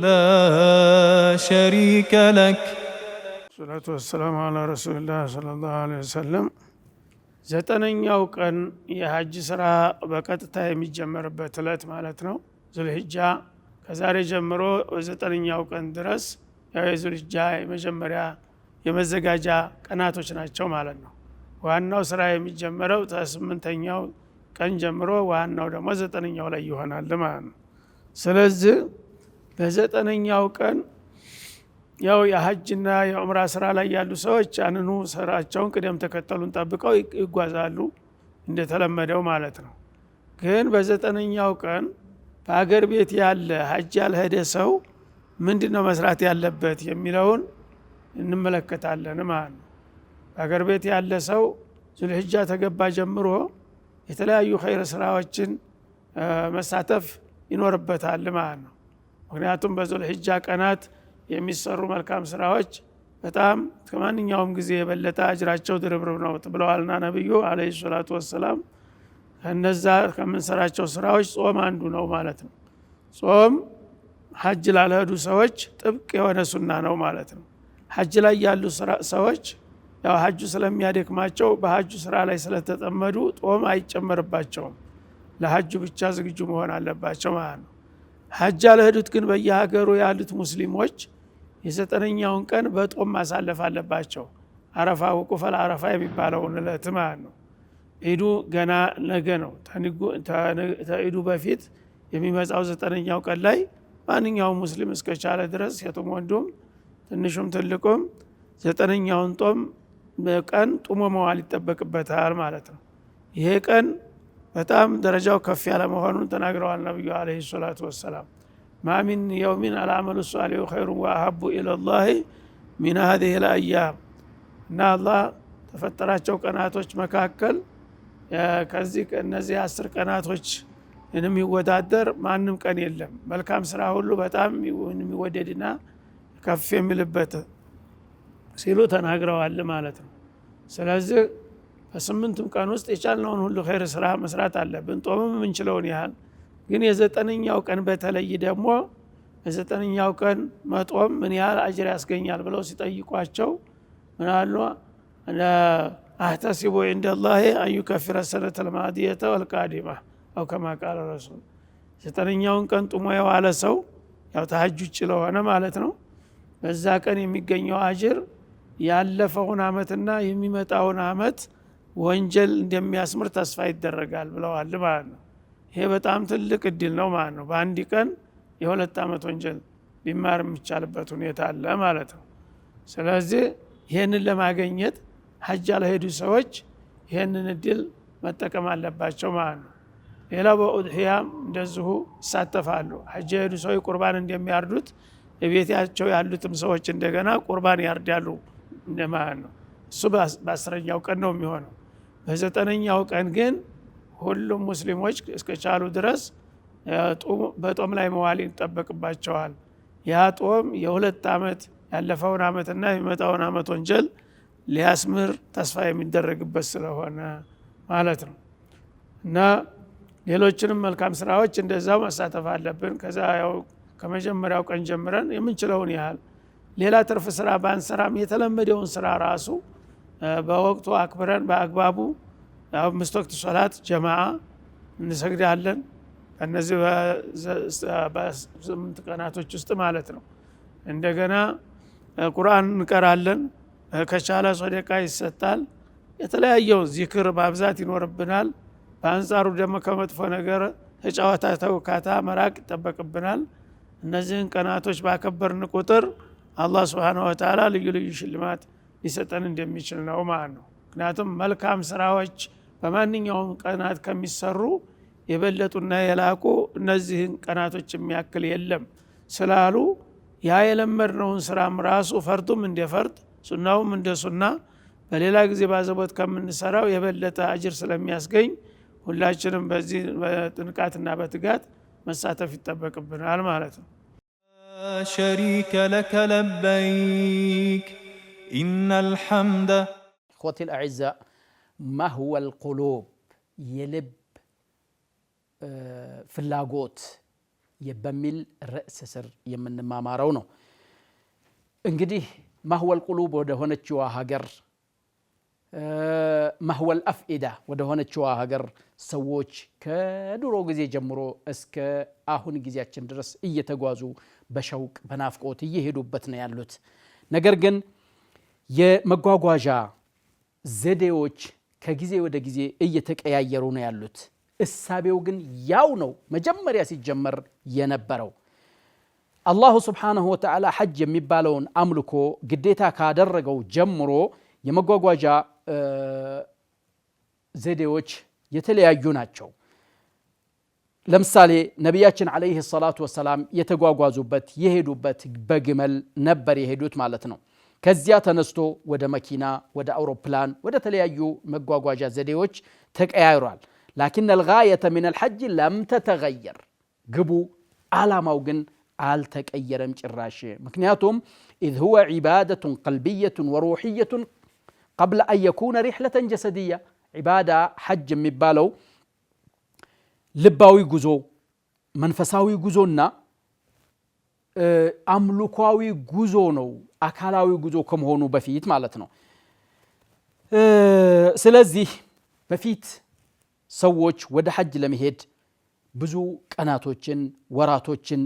لا شريك لك ሰላቱ ወሰላሙ አላ ረሱልላህ ሰለላሁ ዐለይሂ ወሰለም። ዘጠነኛው ቀን የሀጅ ስራ በቀጥታ የሚጀመርበት እለት ማለት ነው ዙልሂጃ። ከዛሬ ጀምሮ ዘጠነኛው ቀን ድረስ ያው የዙልሂጃ የመጀመሪያ የመዘጋጃ ቀናቶች ናቸው ማለት ነው። ዋናው ስራ የሚጀመረው ከስምንተኛው ቀን ጀምሮ ዋናው ደግሞ ዘጠነኛው ላይ ይሆናል ማለት ነው። ስለዚህ በዘጠነኛው ቀን ያው የሀጅና የዑምራ ስራ ላይ ያሉ ሰዎች ያንኑ ስራቸውን ቅደም ተከተሉን ጠብቀው ይጓዛሉ እንደተለመደው ማለት ነው። ግን በዘጠነኛው ቀን በአገር ቤት ያለ ሀጅ ያልሄደ ሰው ምንድን ነው መስራት ያለበት የሚለውን እንመለከታለን ማለት ነው። በአገር ቤት ያለ ሰው ዙልሕጃ ተገባ ጀምሮ የተለያዩ ኸይር ስራዎችን መሳተፍ ይኖርበታል ማለት ነው። ምክንያቱም በዙልሕጃ ቀናት የሚሰሩ መልካም ስራዎች በጣም ከማንኛውም ጊዜ የበለጠ አጅራቸው ድርብርብ ነው ብለዋልና ነቢዩ አለህ ሰላቱ ወሰላም። ከነዛ ከምንሰራቸው ስራዎች ጾም አንዱ ነው ማለት ነው። ጾም ሀጅ ላልሄዱ ሰዎች ጥብቅ የሆነ ሱና ነው ማለት ነው። ሀጅ ላይ ያሉ ሰዎች ያው ሀጁ ስለሚያደክማቸው በሀጁ ስራ ላይ ስለተጠመዱ ጾም አይጨመርባቸውም። ለሀጁ ብቻ ዝግጁ መሆን አለባቸው ማለት ነው። ሀጅ አልሄዱት ግን በየሀገሩ ያሉት ሙስሊሞች የዘጠነኛውን ቀን በጦም ማሳለፍ አለባቸው። አረፋ ውቁፈል አረፋ የሚባለውን ዕለት ማለት ነው። ኢዱ ገና ነገ ነው። ተኢዱ በፊት የሚመጣው ዘጠነኛው ቀን ላይ ማንኛውም ሙስሊም እስከቻለ ድረስ ሴቱም ወንዱም ትንሹም ትልቁም ዘጠነኛውን ጦም ቀን ጡሞ መዋል ይጠበቅበታል ማለት ነው። ይሄ ቀን በጣም ደረጃው ከፍ ያለ መሆኑን ተናግረዋል ነቢዩ አለ ሰላቱ ወሰላም ማሚን የውሚን አልአመሉ ሷሊሁ ኸይሩ ወአሀቡ ኢለላህ ሚን ሀዚህ ልአያም እና አላህ ተፈጠራቸው ቀናቶች መካከል ከዚህ እነዚህ አስር ቀናቶች የሚወዳደር ማንም ቀን የለም መልካም ስራ ሁሉ በጣም የሚወደድና ከፍ የሚልበት ሲሉ ተናግረዋል ማለት ነው ስለዚህ በስምንቱም ቀን ውስጥ የቻልነውን ሁሉ ኸይር ስራ መስራት አለብን። ጦምም የምንችለውን ያህል ግን የዘጠነኛው ቀን በተለይ ደግሞ የዘጠነኛው ቀን መጦም ምን ያህል አጅር ያስገኛል ብለው ሲጠይቋቸው ምናሉ አህተሲቡ ዒንደ አንዩከፊረ ሰነተ ልማዲየተ ወልቃዲማ አው ከማ ቃለ ረሱል። ዘጠነኛውን ቀን ጡሞ የዋለ ሰው ያው ተሀጅ ውጭ ለሆነ ማለት ነው። በዛ ቀን የሚገኘው አጅር ያለፈውን አመትና የሚመጣውን አመት ወንጀል እንደሚያስምር ተስፋ ይደረጋል ብለዋል ማለት ነው። ይሄ በጣም ትልቅ እድል ነው ማለት ነው። በአንድ ቀን የሁለት ዓመት ወንጀል ሊማር የሚቻልበት ሁኔታ አለ ማለት ነው። ስለዚህ ይህንን ለማገኘት ሀጅ ያልሄዱ ሰዎች ይህንን እድል መጠቀም አለባቸው ማለት ነው። ሌላው በኡድሕያም እንደዚሁ ይሳተፋሉ። ሀጅ የሄዱ ሰዎች ቁርባን እንደሚያርዱት የቤታቸው ያሉትም ሰዎች እንደገና ቁርባን ያርዳሉ እንደማለት ነው። እሱ በአስረኛው ቀን ነው የሚሆነው። በዘጠነኛው ቀን ግን ሁሉም ሙስሊሞች እስከቻሉ ድረስ በጦም ላይ መዋል ይጠበቅባቸዋል። ያ ጦም የሁለት ዓመት ያለፈውን ዓመትና የሚመጣውን ዓመት ወንጀል ሊያስምር ተስፋ የሚደረግበት ስለሆነ ማለት ነው እና ሌሎችንም መልካም ስራዎች እንደዛው መሳተፍ አለብን። ከዛ ያው ከመጀመሪያው ቀን ጀምረን የምንችለውን ያህል ሌላ ትርፍ ስራ ባንሰራም የተለመደውን ስራ ራሱ በወቅቱ አክብረን በአግባቡ አምስት ወቅት ሶላት ጀማዓ እንሰግዳለን። ከነዚህ በስምንት ቀናቶች ውስጥ ማለት ነው። እንደገና ቁርአን እንቀራለን። ከቻለ ሶደቃ ይሰጣል። የተለያየው ዚክር ማብዛት ይኖርብናል። በአንጻሩ ደግሞ ከመጥፎ ነገር ተጫዋታ፣ ተውካታ መራቅ ይጠበቅብናል። እነዚህን ቀናቶች ባከበርን ቁጥር አላህ ስብሓነሁ ወተዓላ ልዩ ልዩ ሽልማት ሊሰጠን እንደሚችል ነው ማለት ነው። ምክንያቱም መልካም ስራዎች በማንኛውም ቀናት ከሚሰሩ የበለጡና የላቁ እነዚህን ቀናቶች የሚያክል የለም ስላሉ ያ የለመድነውን ስራም ራሱ ፈርዱም እንደ ፈርድ ሱናውም እንደ ሱና በሌላ ጊዜ ባዘቦት ከምንሰራው የበለጠ አጅር ስለሚያስገኝ ሁላችንም በዚህ በጥንቃትና በትጋት መሳተፍ ይጠበቅብናል ማለት ነው። ሸሪከ ለከ ለበይክ إن الحمد إخوتي الأعزاء ما هو القلوب يلب ፍላጎት በሚል ርዕስ ስር የምንማማረው ነው። እንግዲህ ማህወል ቁሉብ ወደ ሆነችዋ ሀገር ማህወል አፍኢዳ ወደ ሆነችዋ ሀገር ሰዎች ከድሮ ጊዜ ጀምሮ እስከ አሁን ጊዜያችን ድረስ እየተጓዙ በሸውቅ በናፍቆት እየሄዱበት ነው ያሉት ነገር ግን የመጓጓዣ ዘዴዎች ከጊዜ ወደ ጊዜ እየተቀያየሩ ነው ያሉት። እሳቤው ግን ያው ነው መጀመሪያ ሲጀመር የነበረው። አላሁ ስብሓነሁ ወተዓላ ሐጅ የሚባለውን አምልኮ ግዴታ ካደረገው ጀምሮ የመጓጓዣ ዘዴዎች የተለያዩ ናቸው። ለምሳሌ ነቢያችን ዓለይሂ ሰላቱ ወሰላም የተጓጓዙበት የሄዱበት በግመል ነበር የሄዱት ማለት ነው። ከዚያ ተነስቶ ወደ መኪና፣ ወደ አውሮፕላን፣ ወደ ተለያዩ መጓጓዣ ዘዴዎች ተቀያይሯል። ላኪን አልጋየተ ሚን አልሐጅ ለም ተተገየር፣ ግቡ ዓላማው ግን አልተቀየረም ጭራሽ። ምክንያቱም ኢዝ ሁወ ዒባደቱን ቀልቢየቱን ወሩሕየቱን ቀብለ አን ሪሕለተን ጀሰድያ። ዒባዳ ሐጅ የሚባለው ልባዊ ጉዞ መንፈሳዊ ጉዞና አምልኳዊ ጉዞ ነው፣ አካላዊ ጉዞ ከመሆኑ በፊት ማለት ነው። ስለዚህ በፊት ሰዎች ወደ ሐጅ ለመሄድ ብዙ ቀናቶችን፣ ወራቶችን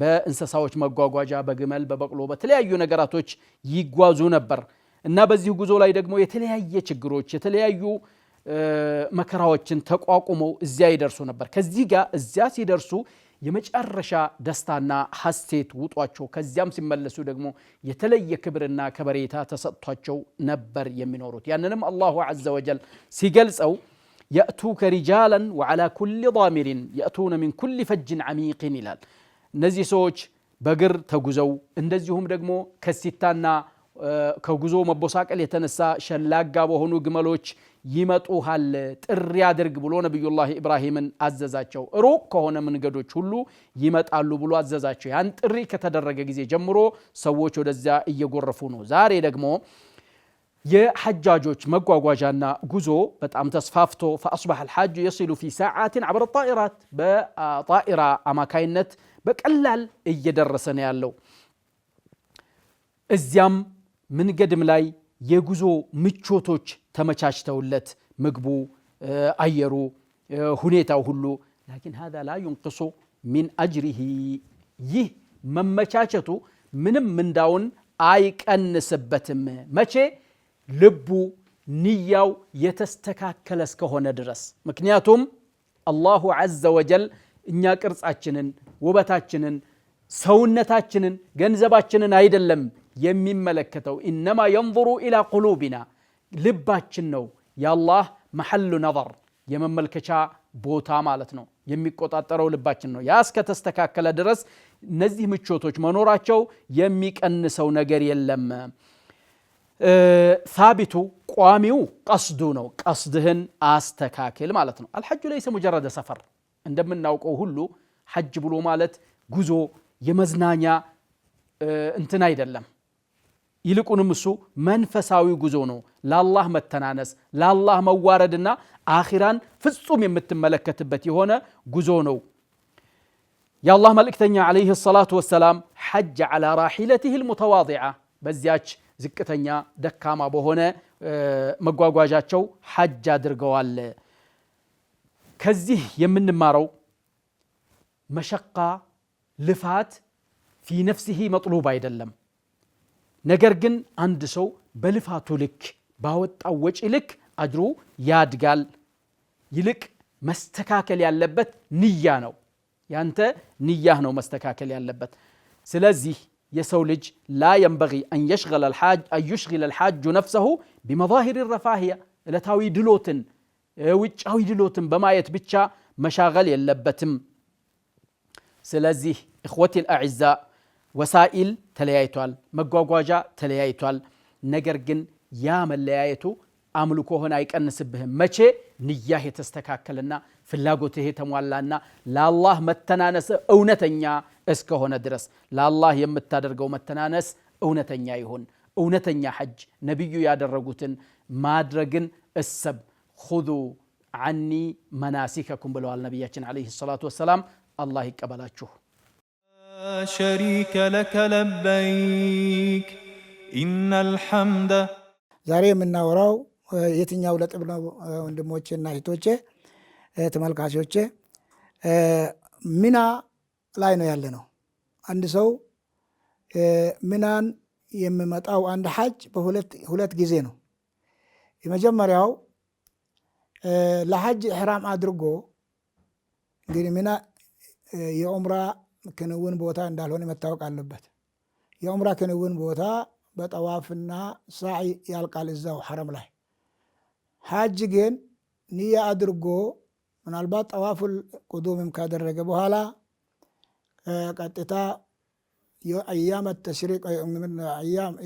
በእንስሳዎች መጓጓዣ በግመል፣ በበቅሎ፣ በተለያዩ ነገራቶች ይጓዙ ነበር እና በዚህ ጉዞ ላይ ደግሞ የተለያየ ችግሮች፣ የተለያዩ መከራዎችን ተቋቁመው እዚያ ይደርሱ ነበር። ከዚህ ጋር እዚያ ሲደርሱ የመጨረሻ ደስታና ሀሴት ውጧቸው ከዚያም ሲመለሱ ደግሞ የተለየ ክብርና ከበሬታ ተሰጥቷቸው ነበር የሚኖሩት። ያንንም አላሁ ዐዘ ወጀል ሲገልጸው የእቱከ ሪጃላን ወዓላ ኩሊ ዳሚሪን የእቱነ ሚን ኩሊ ፈጅን ዓሚቂን ይላል። እነዚህ ሰዎች በግር ተጉዘው እንደዚሁም ደግሞ ከሲታና ከጉዞ መቦሳቀል የተነሳ ሸላጋ በሆኑ ግመሎች ይመጡሃል ጥሪ አድርግ ብሎ ነቢዩላህ ኢብራሂምን አዘዛቸው። ሩቅ ከሆነ መንገዶች ሁሉ ይመጣሉ ብሎ አዘዛቸው። ያን ጥሪ ከተደረገ ጊዜ ጀምሮ ሰዎች ወደዚያ እየጎረፉ ነው። ዛሬ ደግሞ የሐጃጆች መጓጓዣና ጉዞ በጣም ተስፋፍቶ ፈአስባሐ አልሐጁ የሲሉ ፊ ሰዓትን አብረ ጣኢራት በጣኢራ አማካይነት በቀላል እየደረሰ ነው ያለው እዚያም መንገድም ላይ የጉዞ ምቾቶች ተመቻችተውለት ምግቡ፣ አየሩ፣ ሁኔታው ሁሉ ላኪን ሀ ላ ዩንቅሶ ሚን አጅሪሂ ይህ መመቻቸቱ ምንም ምንዳውን አይቀንስበትም። መቼ ልቡ ንያው የተስተካከለ እስከሆነ ድረስ። ምክንያቱም አላሁ ዐዘ ወጀል እኛ ቅርጻችንን፣ ውበታችንን፣ ሰውነታችንን፣ ገንዘባችንን አይደለም የሚመለከተው ኢነማ የንظሩ ኢላ ቁሉቢና ልባችን ነው የአላህ መሐሉ ነظር የመመልከቻ ቦታ ማለት ነው። የሚቆጣጠረው ልባችን ነው። ያ እስከተስተካከለ ድረስ እነዚህ ምቾቶች መኖራቸው የሚቀንሰው ነገር የለም። ሳቢቱ ቋሚው ቀስዱ ነው። ቀስድህን አስተካክል ማለት ነው። አልሐጁ ለይሰ ሙጀረደ ሰፈር እንደምናውቀው ሁሉ ሐጅ ብሎ ማለት ጉዞ የመዝናኛ እንትን አይደለም። ይልቁንም እሱ መንፈሳዊ ጉዞ ነው። ለአላህ መተናነስ፣ ለአላህ መዋረድና አኺራን ፍጹም የምትመለከትበት የሆነ ጉዞ ነው። የአላህ መልእክተኛ ዓለይህ ሰላቱ ወሰላም ሐጅ ዓላ ራሒለትህ ልሙተዋዲዓ በዚያች ዝቅተኛ ደካማ በሆነ መጓጓዣቸው ሐጅ አድርገዋል። ከዚህ የምንማረው መሸቃ ልፋት ፊ ነፍሲሂ መጥሉብ አይደለም ነገር ግን አንድ ሰው በልፋቱ ልክ ባወጣው ወጪ ልክ አጅሩ ያድጋል። ይልቅ መስተካከል ያለበት ንያ ነው። ያንተ ንያህ ነው መስተካከል ያለበት። ስለዚህ የሰው ልጅ ላ የንበጊ አንዩሽግለ ልሓጁ ነፍሰሁ ቢመዛሂር ረፋህያ ዕለታዊ ድሎትን ውጫዊ ድሎትን በማየት ብቻ መሻገል የለበትም። ስለዚህ እኽወት ልአዕዛ ወሳኢል ተለያይቷል፣ መጓጓዣ ተለያይቷል። ነገር ግን ያ መለያየቱ አምልኮህን አይቀንስብህም። መቼ ንያህ የተስተካከለና ፍላጎትህ የተሟላና ለአላህ መተናነስ እውነተኛ እስከሆነ ድረስ ለአላህ የምታደርገው መተናነስ እውነተኛ ይሁን። እውነተኛ ሐጅ ነቢዩ ያደረጉትን ማድረግን እሰብ ሁዙ አኒ መናሲከኩም ብለዋል ነቢያችን ዓለይሂ ሰላቱ ወሰላም። አላህ ይቀበላችሁ። ዛሬ የምናወራው የትኛው ለጥብ ነው? ወንድሞቼ እና እህቶቼ ተመልካቾቼ፣ ሚና ላይ ነው ያለ ነው። አንድ ሰው ሚናን የሚመጣው አንድ ሐጅ በሁለት ጊዜ ነው። የመጀመሪያው ለሐጅ ኢሕራም አድርጎ እንግዲህ ሚና የኦምራ ክንውን ቦታ እንዳልሆነ መታወቅ አለበት። የዑምራ ክንውን ቦታ በጠዋፍና ሳዒ ያልቃል እዛው ሐረም ላይ። ሐጅ ግን ንያ አድርጎ ምናልባት ጠዋፉል ቁዱምም ካደረገ በኋላ ቀጥታ አያም ተሽሪቅ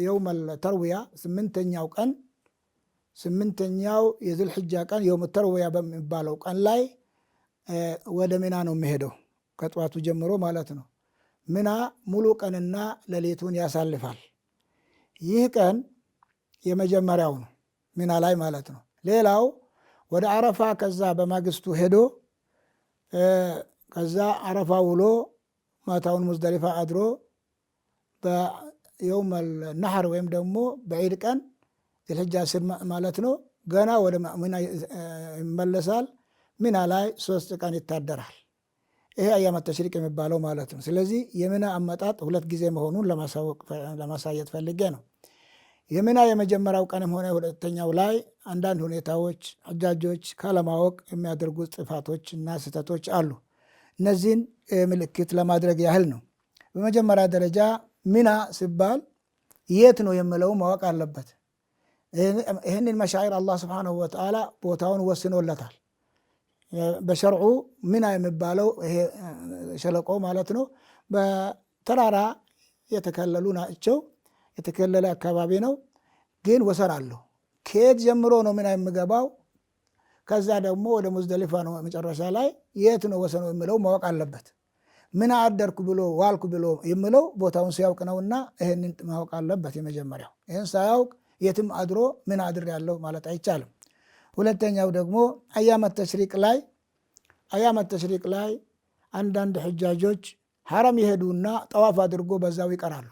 የውም ተርዊያ ስምንተኛው ቀን ስምንተኛው የዝልሕጃ ቀን የውም ተርዊያ በሚባለው ቀን ላይ ወደ ሚና ነው የሚሄደው። ከጠዋቱ ጀምሮ ማለት ነው። ምና ሙሉ ቀንና ሌሊቱን ያሳልፋል። ይህ ቀን የመጀመሪያው ነው፣ ሚና ላይ ማለት ነው። ሌላው ወደ አረፋ ከዛ በማግስቱ ሄዶ ከዛ አረፋ ውሎ ማታውን ሙዝደሊፋ አድሮ በየውም ነሐር ወይም ደግሞ በዒድ ቀን ዝልሕጃ ስር ማለት ነው ገና ወደ ሚና ይመለሳል። ሚና ላይ ሶስት ቀን ይታደራል። ይሄ አያመት ተሽሪቅ የሚባለው ማለት ነው። ስለዚህ የሚና አመጣጥ ሁለት ጊዜ መሆኑን ለማሳየት ፈልጌ ነው። የሚና የመጀመሪያው ቀንም ሆነ ሁለተኛው ላይ አንዳንድ ሁኔታዎች አጃጆች ካለማወቅ የሚያደርጉት ጥፋቶች እና ስህተቶች አሉ። እነዚህን ምልክት ለማድረግ ያህል ነው። በመጀመሪያ ደረጃ ሚና ሲባል የት ነው የሚለው ማወቅ አለበት። ይህንን መሻኢር አላህ ስብሓነሁ ወተዓላ ቦታውን ወስኖለታል። በሸርዑ ሚና የሚባለው ይሄ ሸለቆ ማለት ነው። በተራራ የተከለሉ ናቸው። የተከለለ አካባቢ ነው። ግን ወሰን አለው። ከየት ጀምሮ ነው ሚና የሚገባው? ከዛ ደግሞ ወደ ሙዝደሊፋ ነው መጨረሻ ላይ። የት ነው ወሰኑ የሚለው ማወቅ አለበት። ምን አደርኩ ብሎ ዋልኩ ብሎ የሚለው ቦታውን ሲያውቅ ነውና ይህንን ማወቅ አለበት። የመጀመሪያው ይህን ሳያውቅ የትም አድሮ ምን አድር ያለው ማለት አይቻልም። ሁለተኛው ደግሞ አያመ ተሽሪቅ ላይ አያመ ተሽሪቅ ላይ አንዳንድ ሕጃጆች ሐረም ይሄዱና ጠዋፍ አድርጎ በዛው ይቀራሉ።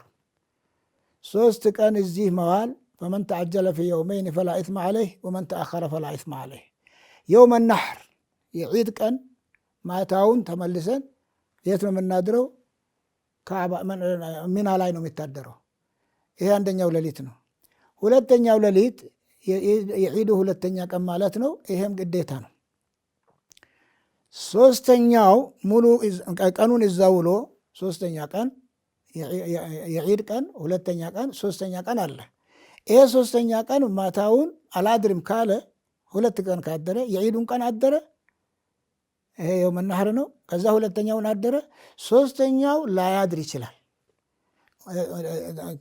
ሶስት ቀን እዚህ መዋል ፈመን ተዓጀለ ፊ የውመይን ፈላ ኢትማ ዓለይህ ወመን ተአኸረ ፈላ ኢትማ ዓለይህ። የውመ ናሕር የዒድ ቀን ማታውን ተመልሰን የት ነው የምናድረው? ሚና ላይ ነው የሚታደረው። ይሄ አንደኛው ሌሊት ነው። ሁለተኛው ሌሊት የዒዱ ሁለተኛ ቀን ማለት ነው። ይሄም ግዴታ ነው። ሶስተኛው ሙሉ ቀኑን እዛ ውሎ ሶስተኛ ቀን የዒድ ቀን ሁለተኛ ቀን ሶስተኛ ቀን አለ። ይሄ ሶስተኛ ቀን ማታውን አላድርም ካለ ሁለት ቀን ካደረ የዒዱን ቀን አደረ። ይሄ መናህር ነው። ከዛ ሁለተኛውን አደረ። ሶስተኛው ላያድር ይችላል፣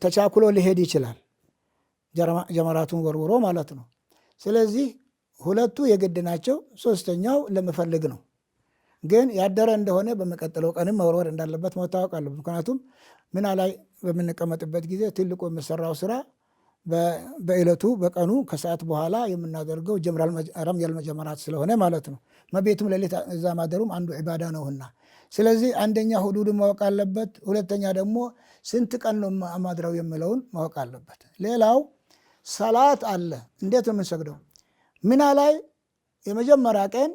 ተቻኩሎ ሊሄድ ይችላል። ጀመራቱን ወርውሮ ማለት ነው። ስለዚህ ሁለቱ የግድ ናቸው። ሶስተኛው ለመፈልግ ነው። ግን ያደረ እንደሆነ በሚቀጥለው ቀንም መወርወር እንዳለበት መታወቅ አለ። ምክንያቱም ምና ላይ በምንቀመጥበት ጊዜ ትልቁ የምሰራው ስራ በእለቱ በቀኑ ከሰዓት በኋላ የምናደርገው ረምየል መጀመራት ስለሆነ ማለት ነው። መቤቱም ሌሊት እዛ ማደሩም አንዱ ዒባዳ ነውና፣ ስለዚህ አንደኛ ሁዱድ ማወቅ አለበት። ሁለተኛ ደግሞ ስንት ቀን ነው ማድረው የሚለውን ማወቅ አለበት። ሌላው ሰላት አለ። እንዴት ነው የምንሰግደው? ሚና ላይ የመጀመሪያ ቀን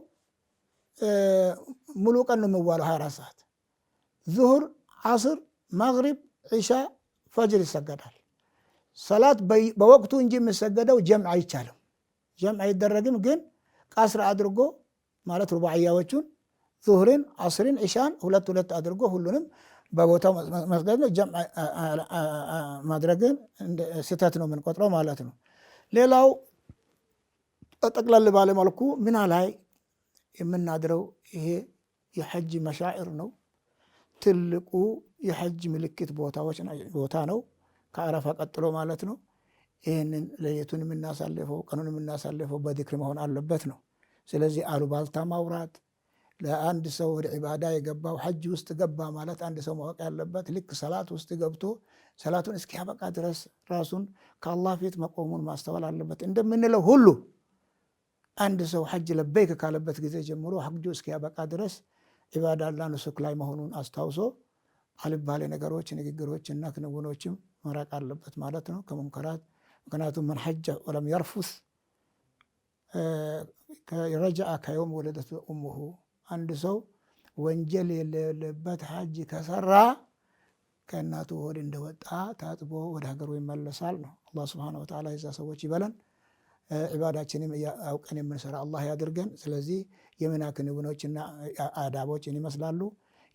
ሙሉ ቀን ነው የሚዋለው 24 ሰዓት። ዙሁር፣ አስር፣ መግሪብ፣ ዒሻ፣ ፈጅር ይሰገዳል። ሰላት በወቅቱ እንጂ የሚሰገደው ጀምዕ አይቻልም። ጀምዕ አይደረግም። ግን ቀስር አድርጎ ማለት ሩባዕያዎቹን ዙሁርን፣ አስርን፣ ዒሻን ሁለት ሁለት አድርጎ ሁሉንም በቦታው መስገድ ነው። ጀምዕ ማድረግን ስህተት ነው የምንቆጥረው ማለት ነው። ሌላው ጠቅለል ባለ መልኩ ሚና ላይ የምናድረው ይሄ የሐጅ መሻዕር ነው። ትልቁ የሐጅ ምልክት ቦታዎች ቦታ ነው፣ ከአረፋ ቀጥሎ ማለት ነው። ይህንን ለየቱን የምናሳልፈው ቀኑን የምናሳልፈው በዚክር መሆን አለበት ነው። ስለዚህ አሉባልታ ማውራት ለአንድ ሰው ወደ ዒባዳ የገባው ሐጅ ውስጥ ገባ ማለት አንድ ሰው ማወቅ ያለበት ልክ ሰላት ውስጥ ገብቶ ሰላቱን እስኪያበቃ ድረስ ራሱን ከአላህ ፊት መቆሙን ማስተዋል አለበት። እንደምንለው ሁሉ አንድ ሰው ሐጅ ለበይክ ካለበት ጊዜ ጀምሮ ሐጁ እስኪያበቃ ድረስ ላ ንሱክ ላይ መሆኑን አስታውሶ አልባሌ ነገሮች፣ ንግግሮች እና ክንውኖችም መራቅ አለበት ማለት ነው ከሙንከራት። ምክንያቱም መን ሐጀ ወለም የርፉስ ረጃአ ከየውም ወለደቱ ኡሙሁ አንድ ሰው ወንጀል የሌለበት ሐጅ ከሰራ ከእናቱ ሆድ እንደወጣ ታጥቦ ወደ ሀገሩ ይመለሳል ነው። አላህ ስብሐነሁ ወተዓላ የዛ ሰዎች ይበለን። ዒባዳችንም አውቀን የምንሰራ አላህ ያድርገን። ስለዚህ የምና ክንውኖችና አዳቦችን ይመስላሉ።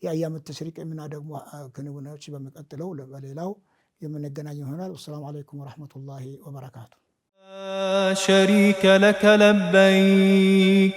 የአያም ተሽሪቅ የምና ደግሞ ክንውኖች በሚቀጥለው በሌላው የምንገናኝ ይሆናል። ወሰላሙ አለይኩም ወረሕመቱላሂ ወበረካቱ። ሸሪከ ለከ ለበይክ